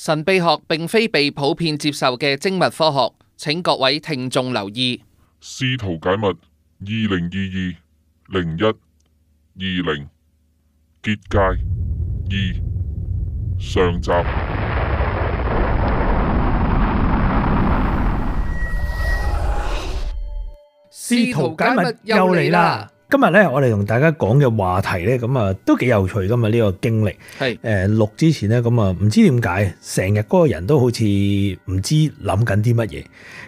神秘學並非被普遍接受嘅精密科學，請各位聽眾留意。試圖解密二零二二，零一，二零，結界二上集，試圖解密又嚟啦！今日咧，我哋同大家講嘅話題咧，咁啊都幾有趣噶嘛呢個經歷。係誒是、呃、錄之前咧，咁啊唔知點解成日嗰個人都好似唔知諗緊啲乜嘢，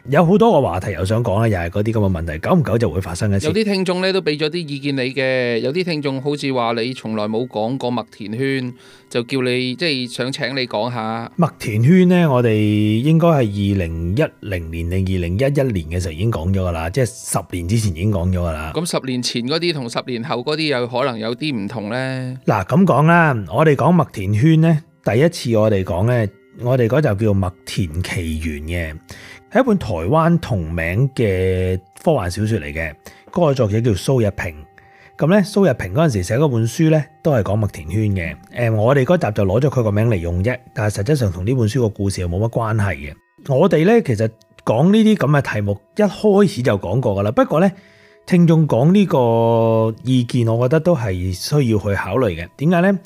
有好多個話題又想講啦，又係嗰啲咁嘅問題，久唔久就會發生嘅事。有啲聽眾咧都俾咗啲意見你嘅，有啲聽眾好似話你從來冇講過麥田圈，就叫你即係想請你講下麥田圈呢，我哋應該係二零一零年定二零一一年嘅時候已經講咗噶啦，即係十年之前已經講咗噶啦。咁十年前。嗰啲同十年後嗰啲有可能有啲唔同咧。嗱咁講啦，我哋講麥田圈咧，第一次我哋講咧，我哋嗰集就叫《麥田奇緣》嘅，係一本台灣同名嘅科幻小説嚟嘅。個作者叫蘇日平。咁咧，蘇日平嗰陣時寫嗰本書咧，都係講麥田圈嘅。誒，我哋嗰集就攞咗佢個名嚟用啫，但係實質上同呢本書個故事又冇乜關係嘅。我哋咧其實講呢啲咁嘅題目，一開始就講過噶啦。不過咧。聽眾講呢個意見，我覺得都係需要去考慮嘅。點解呢？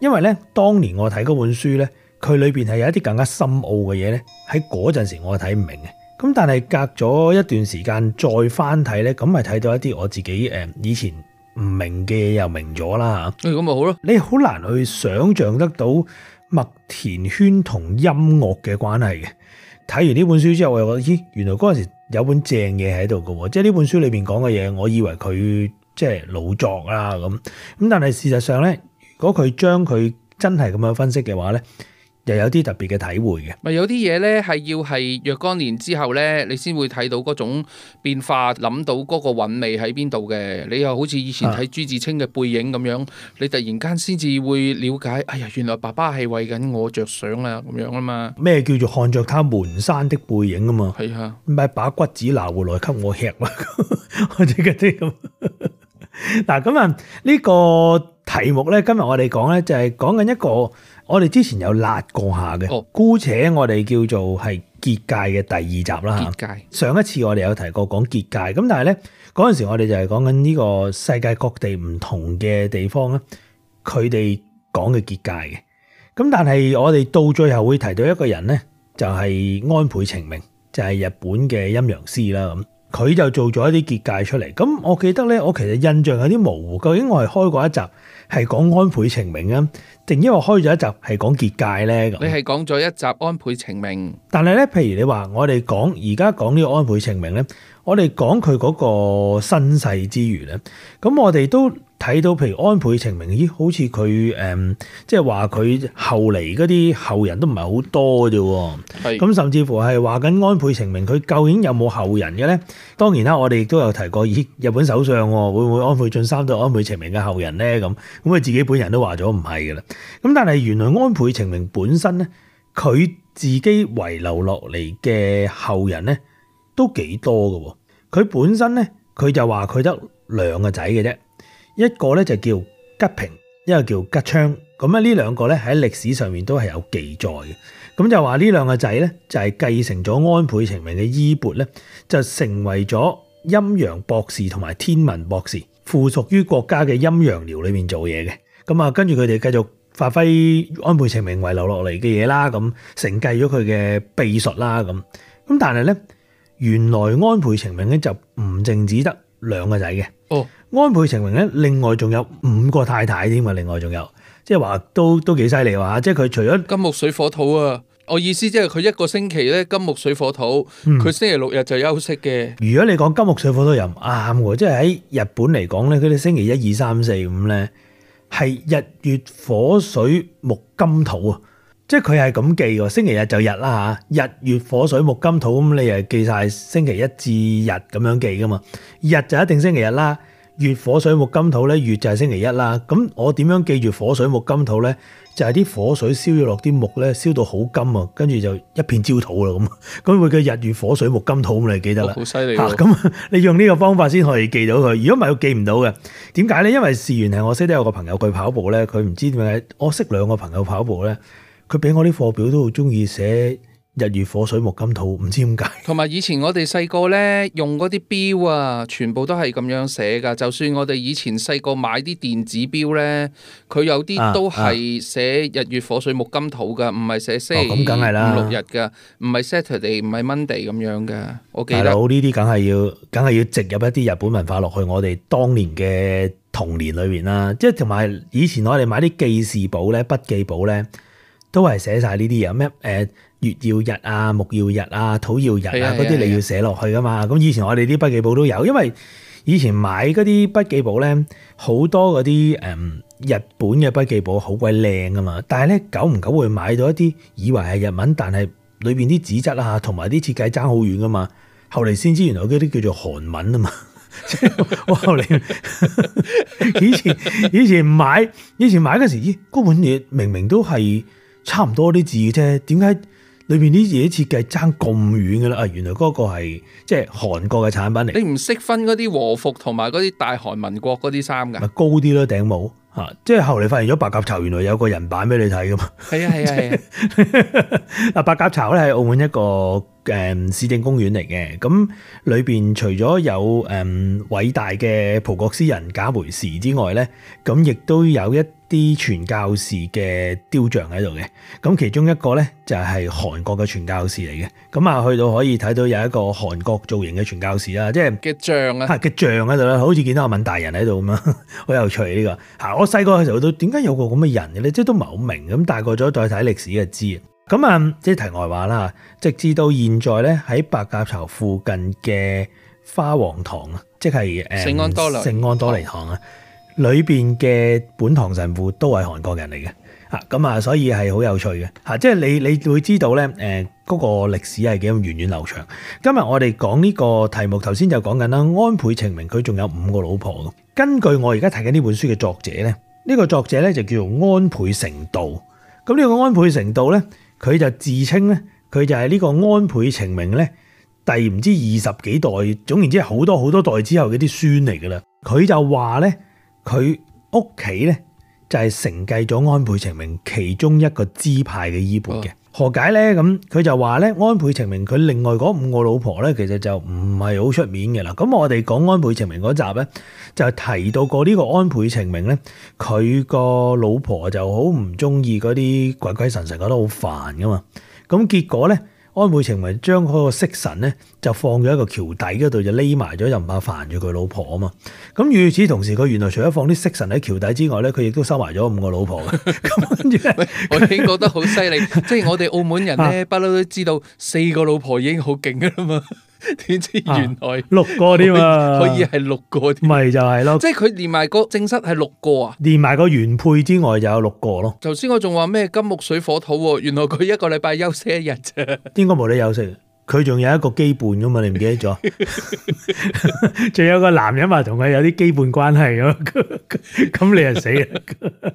因為呢，當年我睇嗰本書，呢佢裏邊係有一啲更加深奧嘅嘢。呢喺嗰陣時我睇唔明嘅，咁但係隔咗一段時間再翻睇，呢咁咪睇到一啲我自己誒以前唔明嘅嘢又明咗啦。吓、嗯，咁咪好咯？你好難去想象得到麥田圈同音樂嘅關係嘅。睇完呢本書之後，我又覺得咦，原來嗰陣時有本正嘢喺度㗎喎，即係呢本書裏邊講嘅嘢，我以為佢即係老作啦咁，咁但係事實上咧，如果佢將佢真係咁樣分析嘅話咧。又有啲特別嘅體會嘅，咪有啲嘢咧係要係若干年之後咧，你先會睇到嗰種變化，諗到嗰個韻味喺邊度嘅。你又好似以前睇朱自清嘅背影咁樣，你突然間先至會了解，哎呀，原來爸爸係為緊我着想啊，咁樣啊嘛。咩叫做看着他蹣跚的背影啊嘛？係啊，唔係把骨子拿回來給我吃嘛，啲咁。嗱，咁啊，呢個題目咧，今日我哋講咧就係講緊一個。我哋之前有辣過下嘅，oh. 姑且我哋叫做係結界嘅第二集啦嚇。結界上一次我哋有提過講結界，咁但係咧嗰陣時我哋就係講緊呢個世界各地唔同嘅地方咧，佢哋講嘅結界嘅。咁但係我哋到最後會提到一個人咧，就係安倍晴明，就係日本嘅陰陽師啦。咁佢就做咗一啲結界出嚟。咁我記得咧，我其實印象有啲模糊，究竟我係開過一集係講安倍晴明啊？定因為開咗一集係講結界咧咁，你係講咗一集安倍晴明。但係咧，譬如你話我哋講而家講呢個安倍晴明咧，我哋講佢嗰個身世之餘咧，咁我哋都睇到，譬如安倍晴明，咦，好似佢誒，即係話佢後嚟嗰啲後人都唔係好多嘅啫。係咁是，甚至乎係話緊安倍晴明，佢究竟有冇後人嘅咧？當然啦，我哋亦都有提過，咦，日本首相會唔會安倍晉三對安倍晴明嘅後人咧？咁咁佢自己本人都話咗唔係嘅啦。咁但係原來安倍晴明本身咧，佢自己遺留落嚟嘅後人咧，都幾多嘅。佢本身咧，佢就話佢得兩個仔嘅啫，一個咧就叫吉平，一個叫吉昌。咁咧呢兩個咧喺歷史上面都係有記載嘅。咁就話呢兩個仔咧，就係繼承咗安倍晴明嘅衣缽咧，就成為咗陰陽博士同埋天文博士，附屬於國家嘅陰陽寮裏面做嘢嘅。咁啊，跟住佢哋繼續發揮安倍晴明遺留落嚟嘅嘢啦，咁承繼咗佢嘅秘術啦，咁咁但係咧，原來安倍晴明咧就唔淨止得兩個仔嘅。哦，安倍晴明咧，另外仲有五個太太添啊，另外仲有，即係話都都幾犀利話，即係佢除咗金木水火土啊。我意思即係佢一個星期咧，金木水火土，佢星期六日就休息嘅。如果你講金木水火土又唔啱喎，即係喺日本嚟講咧，佢哋星期一二三四五咧係日月火水木金土啊，即係佢係咁記喎。星期日就日啦嚇，日月火水木金土，咁你又記曬星期一至日咁樣記噶嘛。日就一定星期日啦，月火水木金土咧，月就係星期一啦。咁我點樣記住火水木金土咧？就係啲火水燒咗落啲木咧，燒到好金啊，跟住就一片焦土啦咁。咁佢嘅日月火水木金土咁你記得啦。好犀利。嚇、哦，咁、啊、你用呢個方法先可以記到佢。如果唔係，佢記唔到嘅。點解咧？因為事緣係我識得有個朋友，佢跑步咧，佢唔知點解。我識兩個朋友跑步咧，佢俾我啲課表都好中意寫。日月火水木金土，唔知點解。同埋以前我哋細個咧，用嗰啲表啊，全部都係咁樣寫噶。就算我哋以前細個買啲電子表咧，佢有啲都係寫日月火水木金土噶，唔係寫星期五六日噶，唔係 Saturday 唔係 Monday 咁樣噶。我記得呢啲梗係要，梗係要植入一啲日本文化落去我哋當年嘅童年裏面啦。即係同埋以前我哋買啲記事簿咧、筆記簿咧，都係寫晒呢啲嘢咩？誒。月曜日啊，木曜日啊，土曜日啊，嗰啲 你要寫落去噶嘛。咁以前我哋啲筆記簿都有，因為以前買嗰啲筆記簿咧，好多嗰啲誒日本嘅筆記簿好鬼靚噶嘛，但係咧，久唔久會買到一啲以為係日文，但係裏邊啲紙質啊同埋啲設計爭好遠噶嘛，後嚟先知原來嗰啲叫做韓文啊嘛，即係我後嚟以前以前唔買，以前買嗰時，咦嗰本嘢明明，明明都係差唔多啲字啫，點解？.裏邊啲嘢設計爭咁遠噶啦，啊，原來嗰個係即係韓國嘅產品嚟。你唔識分嗰啲和服同埋嗰啲大韓民國嗰啲衫㗎？咪高啲咯，頂帽嚇、啊，即係後嚟發現咗白鴿巢，原來有個人版俾你睇噶嘛。係啊係啊係啊。嗱、啊， 白鴿巢咧喺澳門一個。誒、嗯、市政公園嚟嘅，咁裏邊除咗有誒、嗯、偉大嘅葡國詩人賈梅士之外咧，咁亦都有一啲傳教士嘅雕像喺度嘅。咁其中一個咧就係、是、韓國嘅傳教士嚟嘅。咁啊，去到可以睇到有一個韓國造型嘅傳教士啦，即係嘅像啊，嘅像喺度啦，好似見到阿問大人喺度咁啊，好 有趣呢、這個。嚇，我細個嘅時候都點解有個咁嘅人嘅咧，即係都唔係好明咁。大個咗再睇歷史嘅知啊。咁啊，即係題外話啦，直至到現在咧，喺白鴿巢附近嘅花王堂啊，即係誒聖安多尼聖安多尼堂啊，裏邊嘅本堂神父都係韓國人嚟嘅，啊咁啊，所以係好有趣嘅吓、啊，即係你你會知道咧，誒、啊、嗰、嗰個歷史係幾咁源遠流長。今日我哋講呢個題目，頭先就講緊啦，安倍晴明佢仲有五個老婆。根據我而家睇緊呢本書嘅作者咧，呢、呢個作者咧就叫做安倍成道。咁呢個安倍成道咧。佢就自稱咧，佢就係呢個安倍晴明咧第唔知二十幾代，總言之好多好多代之後嗰啲孫嚟噶啦。佢就話咧，佢屋企咧就係承繼咗安倍晴明其中一個支派嘅衣缽嘅。啊何解咧？咁佢就話咧，安倍晴明佢另外嗰五個老婆咧，其實就唔係好出面嘅啦。咁我哋講安倍晴明嗰集咧，就提到過呢個安倍晴明咧，佢個老婆就好唔中意嗰啲鬼鬼神神，覺得好煩㗎嘛。咁結果咧。安倍晴明將嗰個色神咧，就放咗喺個橋底嗰度，就匿埋咗，就唔怕煩住佢老婆啊嘛。咁與此同時，佢原來除咗放啲色神喺橋底之外咧，佢亦都收埋咗五個老婆。咁，我已經覺得好犀利。 即係我哋澳門人咧，不嬲都知道四個老婆已經好勁㗎喇嘛。 點知原來、啊、可以六個添啊，可以係六,六個，咪就係咯。即係佢連埋個正室係六個啊，連埋個原配之外就有六個咯。頭先我仲話咩金木水火土、啊，原來佢一個禮拜休息一日啫，應該冇理由休息。佢仲有一個基伴噶嘛？你唔記得咗？仲有個男人話同佢有啲基伴關係咁，咁你又死啦！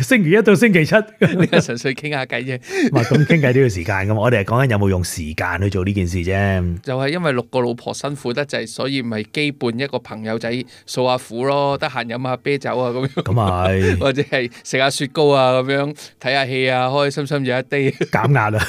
星期一到星期七，你係純粹傾下偈啫。嘛，咁傾偈都要時間噶嘛。我哋係講緊有冇用時間去做呢件事啫。就係因為六個老婆辛苦得滯，所以咪基伴一個朋友仔掃下苦咯，得閒飲下啤酒啊咁。咁咪，或者係食下雪糕啊咁樣，睇下戲啊，開開心心有一啲減壓啦。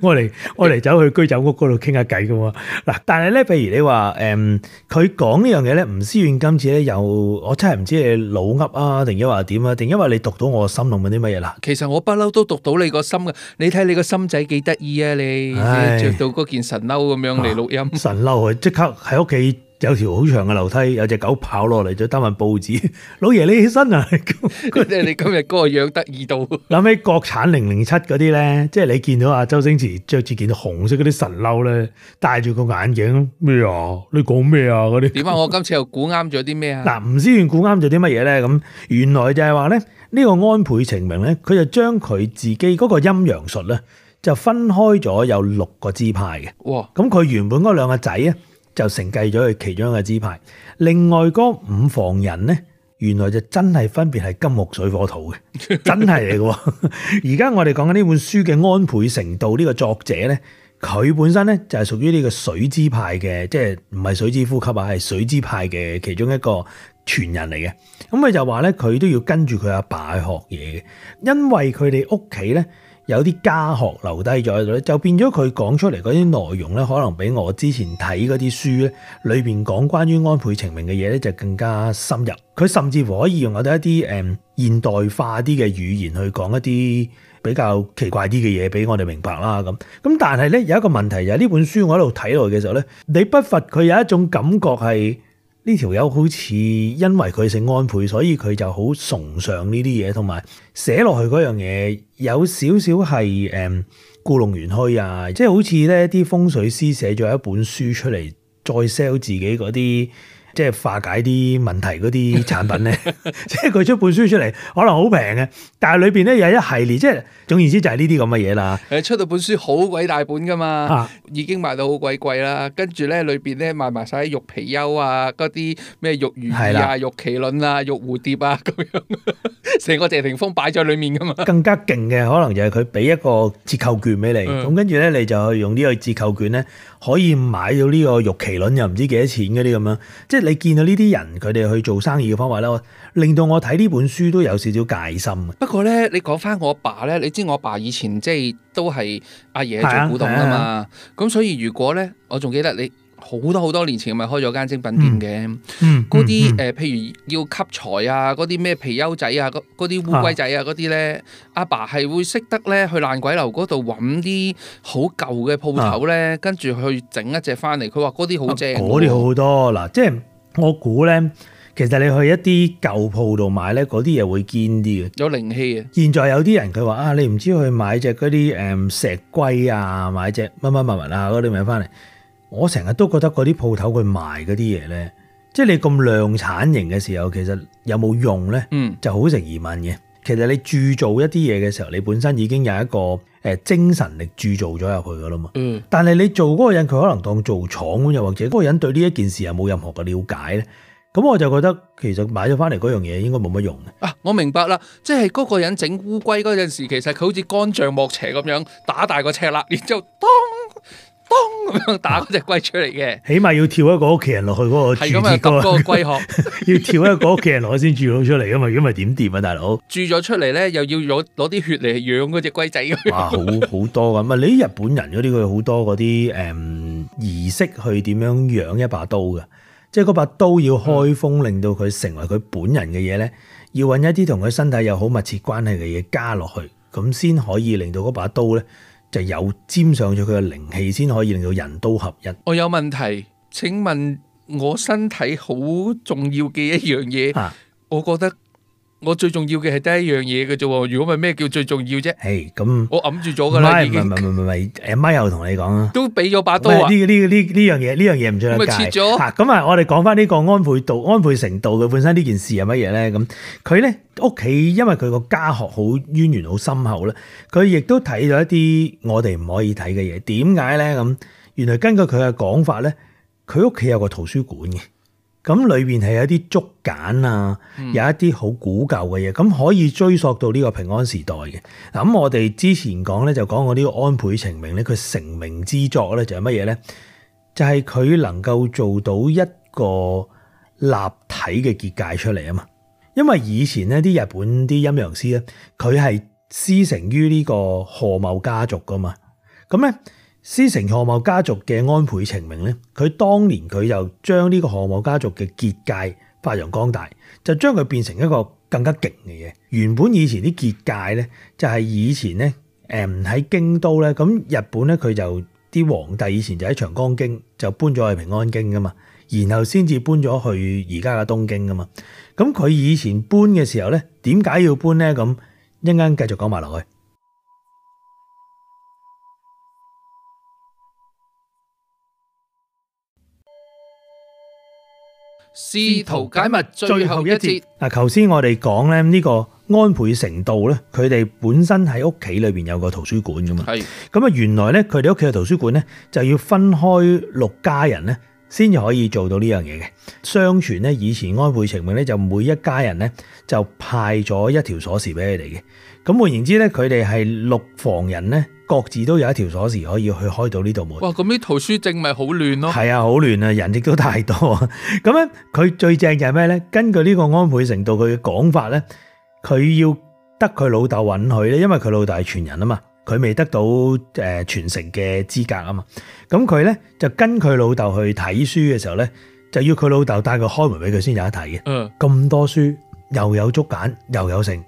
我嚟我嚟走去居。有喺嗰度傾下偈噶嘛？嗱，但係咧，譬如你話，誒，佢講呢樣嘢咧，吳思遠今次咧，又我真係唔知係老嗡啊，定抑或點啊？定因為你讀到我心諗緊啲乜嘢啦？其實我不嬲都讀到你個心噶，你睇你個心仔幾得意啊！你着到嗰件神嬲咁樣嚟錄音，哎呃、神嬲去即刻喺屋企。有條好長嘅樓梯，有隻狗跑落嚟，就擔份報紙。老爺你起身啊！即係你今日個樣得意到。諗起國產零零七嗰啲咧，即係你見到阿周星馳着住件紅色嗰啲神褸咧，戴住個眼鏡咩啊？你講咩啊？嗰啲點解？我今次又估啱咗啲咩啊？嗱，吳思遠估啱咗啲乜嘢咧？咁原來就係話咧，呢個安倍晴明咧，佢就將佢自己嗰個陰陽術咧，就分開咗有六個支派嘅。咁佢哇原本嗰兩個仔啊。就承繼咗佢其中一個支派，另外嗰五房人咧，原來就真係分別係金木水火土嘅，真係嚟嘅。而家 我哋講緊呢本書嘅安倍成道呢個作者咧，佢本身咧就係屬於呢個水之派嘅，即係唔係水之呼吸啊，係水之派嘅其中一個傳人嚟嘅。咁佢就話咧，佢都要跟住佢阿爸去學嘢嘅，因為佢哋屋企咧。有啲家學留低咗喺度咧，就變咗佢講出嚟嗰啲內容咧，可能比我之前睇嗰啲書咧，裏邊講關於安倍晴明嘅嘢咧，就更加深入。佢甚至乎可以用我哋一啲誒、嗯、現代化啲嘅語言去講一啲比較奇怪啲嘅嘢俾我哋明白啦。咁咁，但係咧有一個問題就係、是、呢本書我喺度睇落嘅時候咧，你不乏佢有一種感覺係。呢條友好似因為佢姓安倍，所以佢就好崇尚呢啲嘢，同埋寫落去嗰樣嘢有少少係誒故弄玄虛啊！即係好似呢啲風水師寫咗一本書出嚟，再 sell 自己嗰啲。即係化解啲問題嗰啲產品咧，即係佢出本書出嚟，可能好平嘅，但係裏邊咧有一系列，即係總言之就係呢啲咁嘅嘢啦。誒出到本書好鬼大本噶嘛，已經賣到好鬼貴啦。跟住咧裏邊咧賣埋曬啲玉貔貅啊、嗰啲咩玉魚啊、玉麒麟啊、玉蝴蝶啊咁樣，成個謝霆鋒擺咗裡面噶嘛。更加勁嘅可能就係佢俾一個折扣券俾你，咁跟住咧你就用呢個折扣券咧。可以買到呢個玉麒麟，又唔知幾多錢嗰啲咁樣，即係你見到呢啲人佢哋去做生意嘅方法咧，令到我睇呢本書都有少少戒心。不過咧，你講返我爸咧，你知我爸以前即係都係阿爺做古董㗎嘛，咁所以如果咧，我仲記得你。好多好多年前，咪開咗間精品店嘅。嗰啲誒，譬如要吸財啊，嗰啲咩貔貅仔啊，嗰啲烏龜仔啊，嗰啲咧，阿爸係會識得咧去爛鬼樓嗰度揾啲好舊嘅鋪頭咧，啊、跟住去整一隻翻嚟。佢話嗰啲好正，嗰啲好多嗱，即係我估咧，其實你去一啲舊鋪度買咧，嗰啲嘢會堅啲嘅，有靈氣嘅。現在有啲人佢話啊，你唔知去買隻嗰啲誒石龜啊，買隻乜乜物物啊嗰啲咪翻嚟。我成日都覺得嗰啲鋪頭佢賣嗰啲嘢呢，即係你咁量產型嘅時候，其實有冇用呢？嗯，就好成疑問嘅。其實你鑄造一啲嘢嘅時候，你本身已經有一個誒、呃、精神力鑄造咗入去噶啦嘛。嗯，但係你做嗰個人，佢可能當做廠咁，又或者嗰個人對呢一件事又冇任何嘅了解呢。咁我就覺得其實買咗翻嚟嗰樣嘢應該冇乜用啊！我明白啦，即係嗰個人整烏龜嗰陣時，其實佢好似干將莫邪咁樣打大個尺啦，然之後當，咚咁樣打嗰隻龜出嚟嘅，起碼要跳一個屋企人落去嗰個，係咁係咁，個龜殼，要跳一個屋企人落去先住到出嚟噶嘛？如果唔係點掂啊，大佬住咗出嚟咧，又要攞攞啲血嚟養嗰隻龜仔。 哇，好好多㗎啊！你日本人嗰啲佢好多嗰啲誒儀式，去點樣養一把刀㗎？即係嗰把刀要開封，嗯、令到佢成為佢本人嘅嘢咧，要揾一啲同佢身體有好密切關係嘅嘢加落去，咁先可以令到嗰把刀咧。就有沾上咗佢嘅靈氣先可以令到人刀合一。我有問題，請問我身體好重要嘅一樣嘢，啊、我覺得。我最重要嘅係得一樣嘢嘅啫喎，如果係咩叫最重要啫？誒，咁我揞住咗㗎啦，已經。唔係唔係唔係唔係，誒，Michael 同你講啊，都俾咗把刀啊，呢個呢個呢呢樣嘢呢樣嘢唔出得街。咁啊、嗯嗯，我哋講翻呢個安倍道、安倍城道嘅本身呢件事係乜嘢咧？咁佢咧屋企因為佢個家學好淵源好深厚咧，佢亦都睇到一啲我哋唔可以睇嘅嘢。點解咧？咁原來根據佢嘅講法咧，佢屋企有個圖書館嘅。咁裏邊係有一啲竹簡啊，嗯、有一啲好古舊嘅嘢，咁可以追溯到呢個平安時代嘅。嗱、嗯，咁我哋之前講咧就講過呢個安倍晴明咧，佢成名之作咧就係乜嘢咧？就係、是、佢能夠做到一個立體嘅結界出嚟啊嘛！因為以前咧啲日本啲陰陽師咧，佢係師承於呢個賀茂家族噶嘛，咁咧。師承賀茂家族嘅安倍晴明咧，佢當年佢就將呢個賀茂家族嘅結界發揚光大，就將佢變成一個更加勁嘅嘢。原本以前啲結界咧，就係以前咧，誒唔喺京都咧，咁日本咧佢就啲皇帝以前就喺長岡京就搬咗去平安京噶嘛，然後先至搬咗去而家嘅東京噶嘛。咁佢以前搬嘅時候咧，點解要搬咧？咁一陣間繼續講埋落去。試圖解密最後一節。嗱，頭先我哋講咧呢個安倍晴明，咧，佢哋本身喺屋企裏邊有個圖書館噶嘛。係咁啊，原來咧佢哋屋企嘅圖書館咧就要分開六家人咧，先至可以做到呢樣嘢嘅。相傳咧以前安倍晴明咧就每一家人咧就派咗一條鎖匙俾佢哋嘅。咁換言之咧，佢哋係六房人咧。各自都有一條鎖匙可以去開到呢度門。哇！咁啲圖書證咪好亂咯。係啊，好、啊、亂啊，人亦都太多。啊。 咁樣佢最正就係咩咧？根據呢個安倍程度，佢嘅講法咧，佢要得佢老豆允許咧，因為佢老豆係傳人啊嘛，佢未得到誒傳承嘅資格啊嘛。咁佢咧就跟佢老豆去睇書嘅時候咧，就要佢老豆帶佢開門俾佢先有得睇嘅。嗯，咁多書又有竹簡又有成。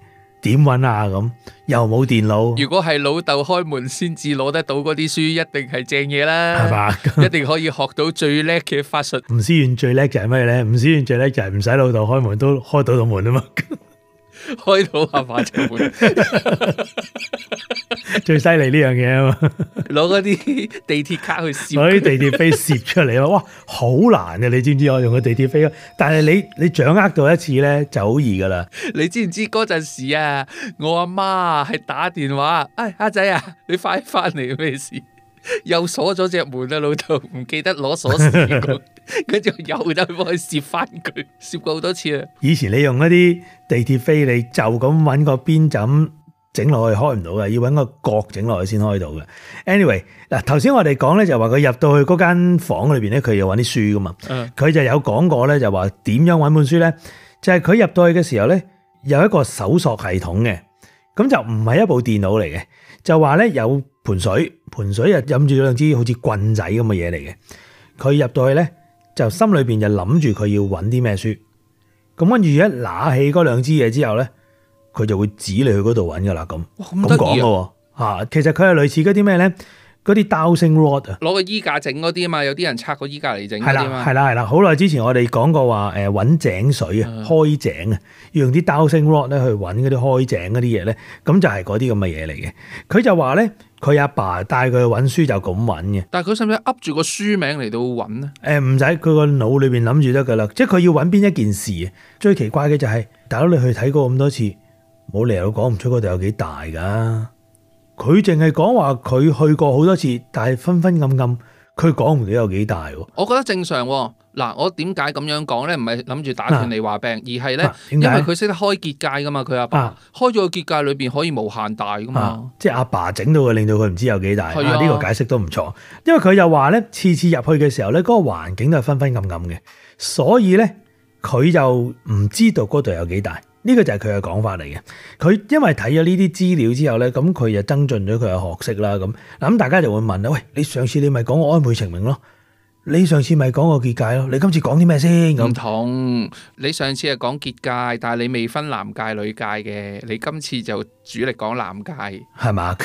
點搵啊咁？又冇電腦。如果係老豆開門先至攞得到嗰啲書，一定係正嘢啦，係嘛是吧？ 一定可以學到最叻嘅法術。吳 思遠最叻就係乜嘢咧？吳思遠最叻就係唔使老豆開門都開到到門啊嘛。 開到阿爸出面，最犀利呢樣嘢啊！嘛，攞嗰啲地鐵卡去攝，攞啲地鐵飛攝出嚟咯！哇，好難啊，你知唔知我用個地鐵飛？但係你你掌握到一次咧，就好易噶啦！你知唔知嗰陣時啊？我阿媽係打電話，哎阿仔啊，你快翻嚟咩事？又鎖咗隻門啊！老豆唔記得攞鎖匙，跟住又得幫佢攝翻佢，攝過好多次啊！以前你用嗰啲地鐵飛，你就咁揾個邊就咁整落去，開唔到嘅，要揾個角整落去先開到嘅。Anyway，嗱頭先我哋講咧，就話佢入到去嗰間房裏邊咧，佢有揾啲書噶嘛，佢就有講過咧，就話點樣揾本書咧，就係佢入到去嘅時候咧，有一個搜索系統嘅，咁就唔係一部電腦嚟嘅，就話咧有。盆水，盆水啊！飲住兩支好似棍仔咁嘅嘢嚟嘅，佢入到去咧，就心裏邊就諗住佢要揾啲咩書。咁跟住一拿起嗰兩支嘢之後咧，佢就會指你去嗰度揾噶啦。咁咁講嘅喎嚇，其實佢係類似嗰啲咩咧，嗰啲 dowsing rod，攞個衣架整嗰啲啊嘛。有啲人拆個衣架嚟整啊係啦，係啦，係啦。好耐之前我哋講過話誒揾井水啊，開井啊，嗯、要用啲 dowsing rod 咧去揾嗰啲開井嗰啲嘢咧，咁就係嗰啲咁嘅嘢嚟嘅。佢就話咧。佢阿爸帶佢去揾書就咁揾嘅，但係佢使唔使噏住個書名嚟到揾咧？誒唔使，佢個腦裏邊諗住得噶啦，即係佢要揾邊一件事嘅。最奇怪嘅就係大佬，你去睇過咁多次，冇理由講唔出嗰度有幾大噶。佢淨係講話佢去過好多次，但係昏昏暗暗。佢講唔到有幾大喎、啊，我覺得正常喎、啊。嗱，我點解咁樣講咧？唔係諗住打斷你話病，而係咧，因為佢識得開結界噶嘛。佢阿爸，爸、啊、開咗個結界，裏邊可以無限大噶嘛。啊、即係阿爸整到佢，令到佢唔知有幾大。係啊，呢、啊呢個解釋都唔錯。因為佢又話咧，次次入去嘅時候咧，嗰、嗰個環境都係昏昏暗暗嘅，所以咧佢又唔知道嗰度有幾大。呢個就係佢嘅講法嚟嘅。佢因為睇咗呢啲資料之後呢，咁佢就增進咗佢嘅學識啦。咁咁大家就會問啦：喂，你上次你咪講過安倍晴明咯？你上次咪講過結界咯？你今次講啲咩先？唔同。你上次係講結界，但係你未分男界女界嘅。你今次就主力講男界，係嘛？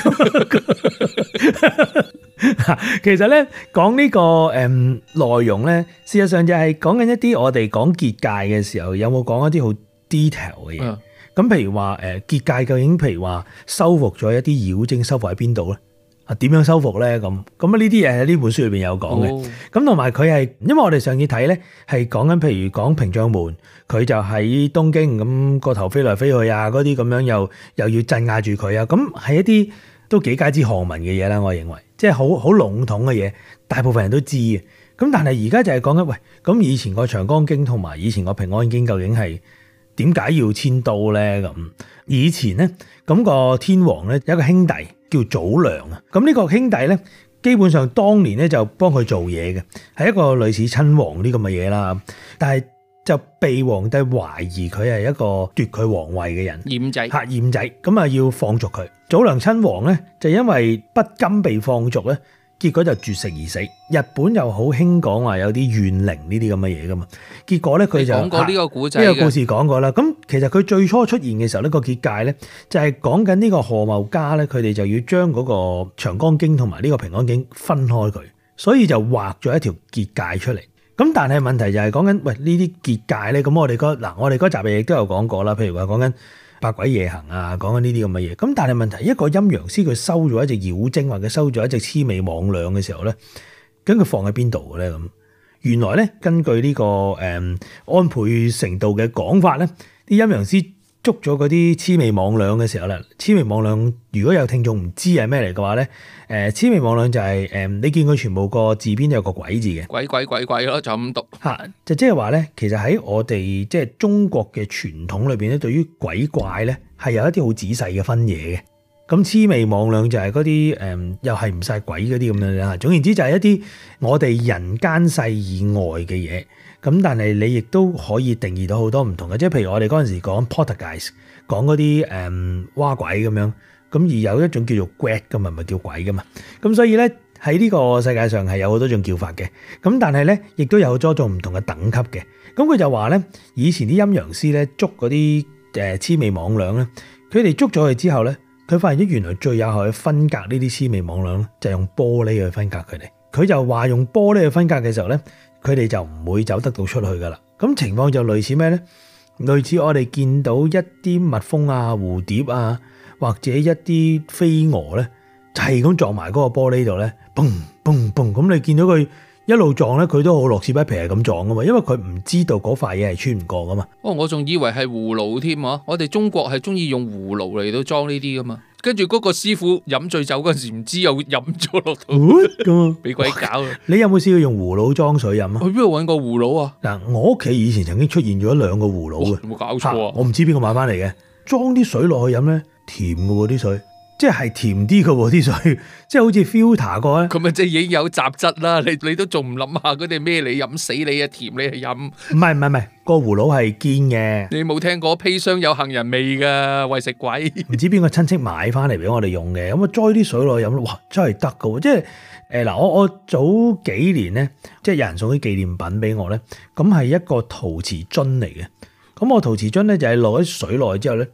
其實呢，講呢、呢個誒、嗯、內容呢，事實上就係講緊一啲我哋講結界嘅時候有冇講一啲好。detail 嘅嘢，咁譬如話誒，結界究竟譬如話修復咗一啲妖精修復喺邊度咧？啊，點樣修復咧？咁咁呢啲嘢喺呢本書裏邊有講嘅。咁同埋佢係因為我哋上次睇咧係講緊譬如講平將門，佢就喺東京咁個頭飛來飛去啊，嗰啲咁樣又又要鎮壓住佢啊，咁係一啲都幾街知巷聞嘅嘢啦。我認為即係好好籠統嘅嘢，大部分人都知嘅。咁但係而家就係講緊喂，咁以前個長岡京同埋以前個平安京究竟係？點解要遷都咧？咁以前咧，咁個天皇咧有一個兄弟叫早良啊。咁、這、呢個兄弟咧，基本上當年咧就幫佢做嘢嘅，係一個類似親王呢咁嘅嘢啦。但係就被皇帝懷疑佢係一個奪佢皇位嘅人，嫌仔吓嫌仔，咁啊要放逐佢。早良親王咧就因為不甘被放逐咧。結果就絕食而死。日本又好興講話有啲怨靈呢啲咁嘅嘢噶嘛？結果咧佢就講過呢個故事，呢個故事講過啦。咁其實佢最初出現嘅時候，呢個結界咧就係講緊呢個何茂嘉咧，佢哋就要將嗰個長江經同埋呢個平安經分開佢，所以就畫咗一條結界出嚟。咁但係問題就係講緊喂呢啲結界咧，咁我哋嗰嗱我哋嗰集嘢都有講過啦，譬如話講緊。百鬼夜行啊，講緊呢啲咁嘅嘢，咁但係問題，一個陰陽師佢收咗一隻妖精，或者收咗一隻魑魅魍魎嘅時候咧，咁佢放喺邊度嘅咧？咁原來咧，根據呢，呢根據、這個誒、嗯、安倍程度嘅講法咧，啲陰陽師。捉咗嗰啲魑魅魍魉嘅時候啦，魑魅魍魉如果有聽眾唔知係咩嚟嘅話咧，誒，魑魅魍魉就係、是、誒，你見佢全部個字邊都有個鬼字嘅，鬼鬼鬼鬼咯、啊，就咁讀。嚇，就即係話咧，其實喺我哋即係中國嘅傳統裏邊咧，對於鬼怪咧係有一啲好仔細嘅分野嘅。咁魑魅魍魉就係嗰啲誒，又係唔晒鬼嗰啲咁樣樣啊。總言之，就係一啲我哋人間世以外嘅嘢。咁但係你亦都可以定義到好多唔同嘅。即係譬如我哋嗰陣時講 Portuguese 講嗰啲誒、嗯、蛙鬼咁樣，咁而有一種叫做 Grat 嘅嘛，咪叫鬼嘅嘛。咁所以咧，喺呢個世界上係有好多種叫法嘅，咁但係咧亦都有好多種唔同嘅等級嘅。咁、嗯、佢就話咧，以前啲陰陽師咧捉嗰啲誒魑魅魍魉咧，佢、呃、哋捉咗佢之後咧，佢發現咗原來最有效去分隔呢啲魑魅魍魉就就係、用玻璃去分隔佢哋，佢就話用玻璃去分隔嘅時候咧。佢哋就唔會走得到出去噶啦，咁情況就類似咩呢？類似我哋見到一啲蜜蜂啊、蝴蝶啊，或者一啲飛蛾呢，就係咁撞埋嗰個玻璃度呢，嘣嘣嘣，咁你見到佢一路撞呢，佢都好樂此不疲係咁撞噶嘛，因為佢唔知道嗰塊嘢係穿唔過噶嘛。哦，我仲以為係葫蘆添，我哋中國係中意用葫蘆嚟到裝呢啲噶嘛。跟住嗰個師傅飲醉酒嗰陣時不道，唔知又飲咗落肚，咁啊俾鬼搞啦！ 你有冇試過用葫蘆裝水飲啊？去邊度揾個葫蘆啊？嗱，我屋企以前曾經出現咗兩個葫蘆嘅，冇、哦、搞錯啊！我唔知邊個買翻嚟嘅，裝啲水落去飲咧，水的水甜嘅啲水。即係甜啲㗎喎啲水，即係好似 filter 過咧。咁啊，即係已經有雜質啦。你你都仲唔諗下嗰啲咩你飲死你啊？甜你去飲？唔係唔係唔係，個葫蘆係堅嘅。你冇聽過砒霜有杏仁味㗎？喂，食鬼？唔知邊個親戚買翻嚟俾我哋用嘅，咁啊，栽啲水落去飲咯，哇，真係得㗎喎！即係誒嗱，我我早幾年咧，即係有人送啲紀念品俾我咧，咁係一個陶瓷樽嚟嘅。咁我陶瓷樽咧就係落喺水內之後咧。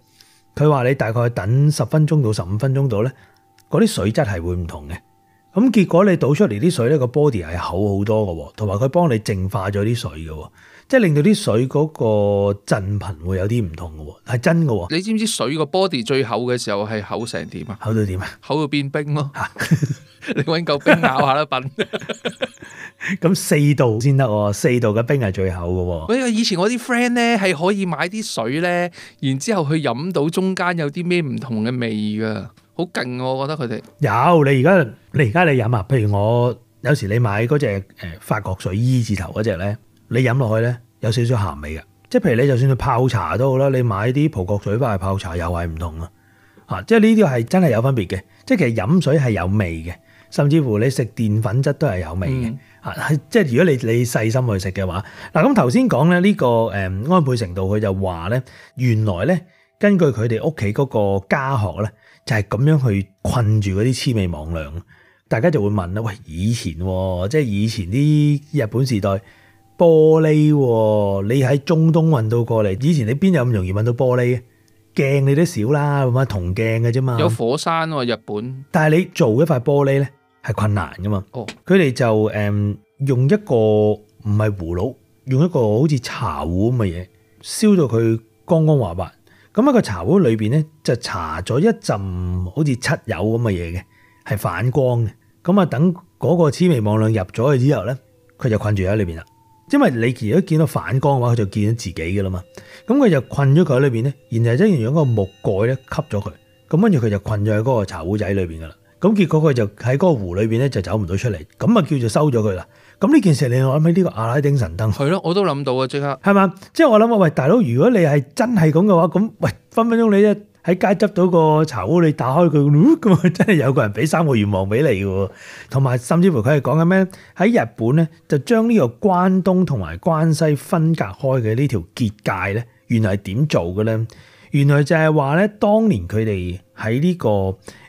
佢話你大概等十分鐘到十五分鐘度咧，嗰啲水質係會唔同嘅。咁結果你倒出嚟啲水咧，個 body 係厚好多嘅，同埋佢幫你淨化咗啲水嘅。即係令到啲水嗰個震頻會有啲唔同嘅，係真嘅、哦。你知唔知水個 body 最厚嘅時候係厚成點啊？厚到點啊？厚到變冰咯。啊、 你搵嚿冰咬下都品。咁 四度先得喎，四度嘅冰係最厚嘅、哦。喂，以前我啲 friend 咧係可以買啲水咧，然之後去飲到中間有啲咩唔同嘅味噶，好勁我覺得佢哋。有你而家，你而家你飲啊？譬如我有時你買嗰隻誒、呃、法國水 E 字頭嗰隻咧。你飲落去咧，有少少鹹味嘅，即係譬如你就算去泡茶都好啦，你買啲葡國水返去泡茶又係唔同啊！啊，即係呢啲係真係有分別嘅，即係其實飲水係有味嘅，甚至乎你食澱粉質都係有味嘅啊！嗯、即係如果你你細心去食嘅話，嗱咁頭先講咧呢個誒安倍程度，佢就話咧，原來咧根據佢哋屋企嗰個家學咧，就係咁樣去困住嗰啲魑魅魍魎，大家就會問啦：喂，以前即係以前啲日本時代。玻璃喎、啊，你喺中東運到過嚟，以前你邊有咁容易運到玻璃嘅、啊、鏡？你都少啦，冇乜銅鏡嘅啫嘛。有火山喎、啊，日本。但係你做一塊玻璃咧，係困難嘅嘛。哦，佢哋就誒、嗯、用一個唔係葫蘆，用一個好似茶壺咁嘅嘢，燒到佢光光滑滑。咁、那、喺個茶壺裏邊咧，就搽咗一陣好似漆油咁嘅嘢嘅，係反光嘅。咁啊，等嗰個魑魅魍魎入咗去之後咧，佢就困住喺裏邊啦。因為你如果見到反光嘅話，佢就見到自己嘅啦嘛，咁佢就困咗佢喺裏邊咧，然後一係用嗰個木蓋咧吸咗佢，咁跟住佢就困咗喺嗰個茶壺仔裏邊噶啦，咁結果佢就喺嗰個壺裏邊咧就走唔到出嚟，咁啊叫做收咗佢啦，咁呢件事你諗起呢個阿拉丁神燈，係咯，我都諗到啊，即刻係嘛，即係、就是、我諗啊，喂大佬，如果你係真係咁嘅話，咁喂分分鐘你一。喺街執到個茶壺，你打開佢，咁啊真係有個人俾三個願望俾你嘅喎，同埋甚至乎佢係講緊咩？喺日本咧，就將呢個關東同埋關西分隔開嘅呢條結界咧，原來係點做嘅咧？原來就係話咧，當年佢哋喺呢個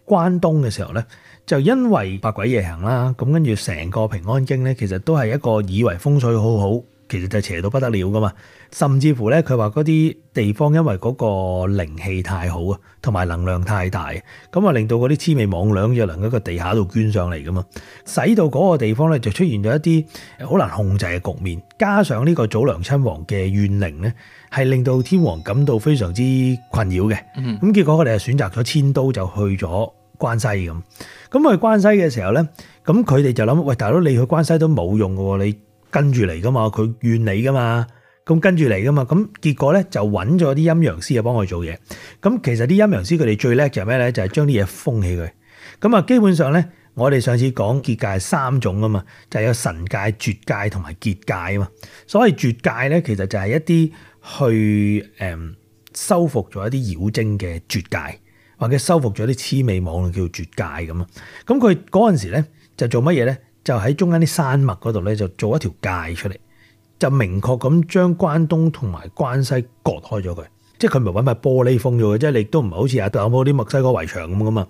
關東嘅時候咧，就因為百鬼夜行啦，咁跟住成個平安京咧，其實都係一個以為風水好好，其實就邪到不得了㗎嘛。甚至乎咧，佢話嗰啲地方因為嗰個靈氣太好啊，同埋能量太大，咁啊令到嗰啲魑魅魍魎又能喺個地下度捐上嚟噶嘛，使到嗰個地方咧就出現咗一啲好難控制嘅局面。加上呢個祖良親王嘅怨靈咧，係令到天皇感到非常之困擾嘅。咁結果佢哋係選擇咗遷都就去咗關西咁。咁去關西嘅時候咧，咁佢哋就諗：喂大佬，你去關西都冇用嘅喎，你跟住嚟噶嘛，佢怨你噶嘛。咁跟住嚟噶嘛，咁結果咧就揾咗啲陰陽師啊幫佢做嘢。咁其實啲陰陽師佢哋最叻就係咩咧？就係將啲嘢封起佢。咁啊，基本上咧，我哋上次講結界係三種噶嘛，就係、是、有神界、絕界同埋結界啊嘛。所謂絕界咧，其實就係一啲去誒修、嗯、復咗一啲妖精嘅絕界，或者修復咗啲魑魅魍魎叫絕界咁啊。咁佢嗰陣時咧就做乜嘢咧？就喺中間啲山脈嗰度咧就做一條界出嚟。就明確咁將關東同埋關西割開咗佢，即係佢唔係揾埋玻璃封咗嘅，即係你亦都唔係好似亞當冇啲墨西哥圍牆咁噶嘛。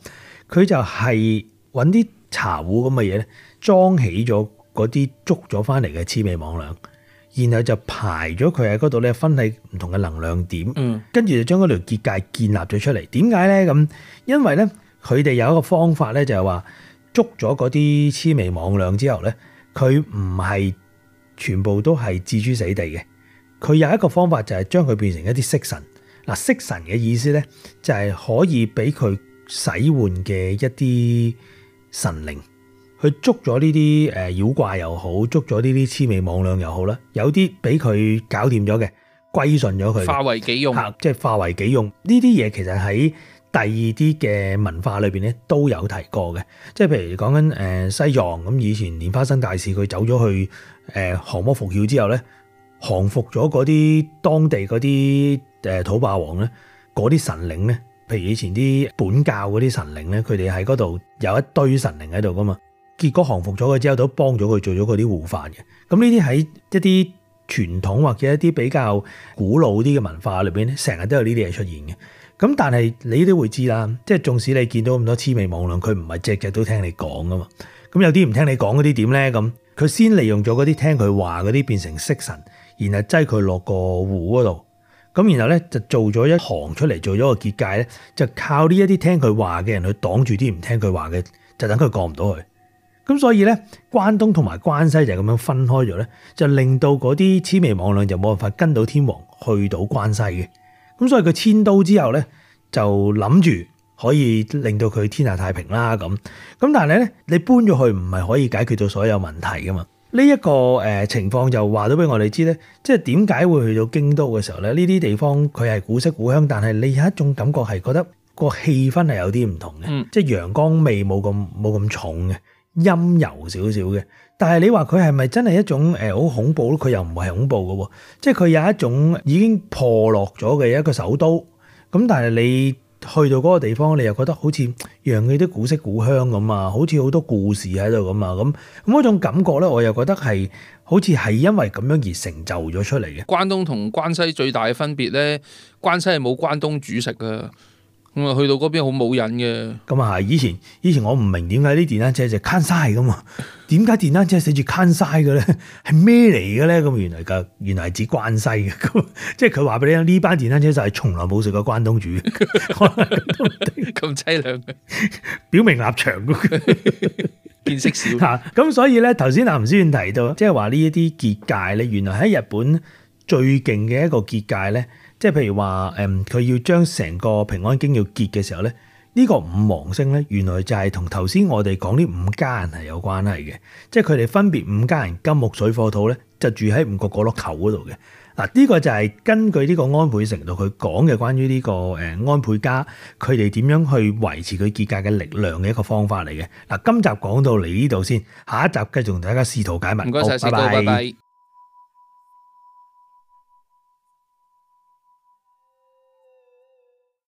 佢就係揾啲茶壺咁嘅嘢裝起咗嗰啲捉咗翻嚟嘅魑魅魍魎，然後就排咗佢喺嗰度咧，分喺唔同嘅能量點，跟住就將嗰條結界建立咗出嚟。點解咧咁？因為咧佢哋有一個方法咧，就係話捉咗嗰啲魑魅魍魎之後咧，佢唔係。全部都係置諸死地嘅。佢有一個方法就係將佢變成一啲式神。嗱，式神嘅意思咧就係可以俾佢使喚嘅一啲神靈，去捉咗呢啲誒妖怪又好，捉咗呢啲魑魅魍魎又好啦。有啲俾佢搞掂咗嘅，歸順咗佢，化為己用。嚇，即係化為己用呢啲嘢其實喺。第二啲嘅文化裏邊咧都有提過嘅，即係譬如講緊誒西藏咁，以前蓮花生大士佢走咗去誒降魔伏妖之後咧，降服咗嗰啲當地嗰啲誒土霸王咧，嗰啲神靈咧，譬如以前啲本教嗰啲神靈咧，佢哋喺嗰度有一堆神靈喺度噶嘛，結果降服咗佢之後都幫咗佢做咗嗰啲護法嘅。咁呢啲喺一啲傳統或者一啲比較古老啲嘅文化裏邊咧，成日都有呢啲嘢出現嘅。咁但係你都會知啦，即係縱使你見到咁多魑魅魍魎，佢唔係隻隻都聽你講噶嘛。咁有啲唔聽你講嗰啲點咧？咁佢先利用咗嗰啲聽佢話嗰啲變成色神，然後擠佢落個湖嗰度。咁然後咧就做咗一行出嚟，做咗個結界咧，就靠呢一啲聽佢話嘅人去擋住啲唔聽佢話嘅，就等佢過唔到去。咁所以咧，關東同埋關西就咁樣分開咗咧，就令到嗰啲魑魅魍魎就冇辦法跟到天皇去到關西嘅。咁所以佢遷都之後咧，就諗住可以令到佢天下太平啦咁。咁但係咧，你搬咗去唔係可以解決到所有問題噶嘛？呢一個誒情況就話到俾我哋知咧，即係點解會去到京都嘅時候咧，呢啲地方佢係古色古香，但係你有一種感覺係覺得個氣氛係有啲唔同嘅，嗯、即係陽光味冇咁冇咁重嘅，陰柔少少嘅。但係你話佢係咪真係一種誒好恐怖咯？佢又唔係恐怖嘅喎，即係佢有一種已經破落咗嘅一個首都。咁但係你去到嗰個地方，你又覺得好似讓佢啲古色古香咁啊，好似好多故事喺度咁啊，咁咁嗰種感覺咧，我又覺得係好似係因為咁樣而成就咗出嚟嘅。關東同關西最大嘅分別咧，關西係冇關東煮食啊，咁啊去到嗰邊好冇癮嘅。咁啊係，以前以前我唔明點解啲電單車就坑沙係咁啊。點解電單車寫住關西嘅咧？係咩嚟嘅咧？咁原來㗎，原來係指關西嘅。咁 即係佢話俾你聽，呢班電單車就係從來冇食過關東煮，可能咁淒涼，表明立場。 見識少。咁、 嗯、所以咧，頭先阿吳師提到，即係話呢一啲結界咧，原來喺日本最勁嘅一個結界咧，即係譬如話誒，佢、嗯、要將成個平安京要結嘅時候咧。呢個五芒星咧，原來就係同頭先我哋講呢五家人係有關係嘅，即係佢哋分別五家人金木水火土，咧，就住喺五個角落球嗰度嘅。嗱，呢個就係根據呢個安倍成度佢講嘅關於呢個誒安倍家佢哋點樣去維持佢結界嘅力量嘅一個方法嚟嘅。嗱，今集講到嚟呢度先，下一集繼續同大家試圖解密。唔該晒，拜拜。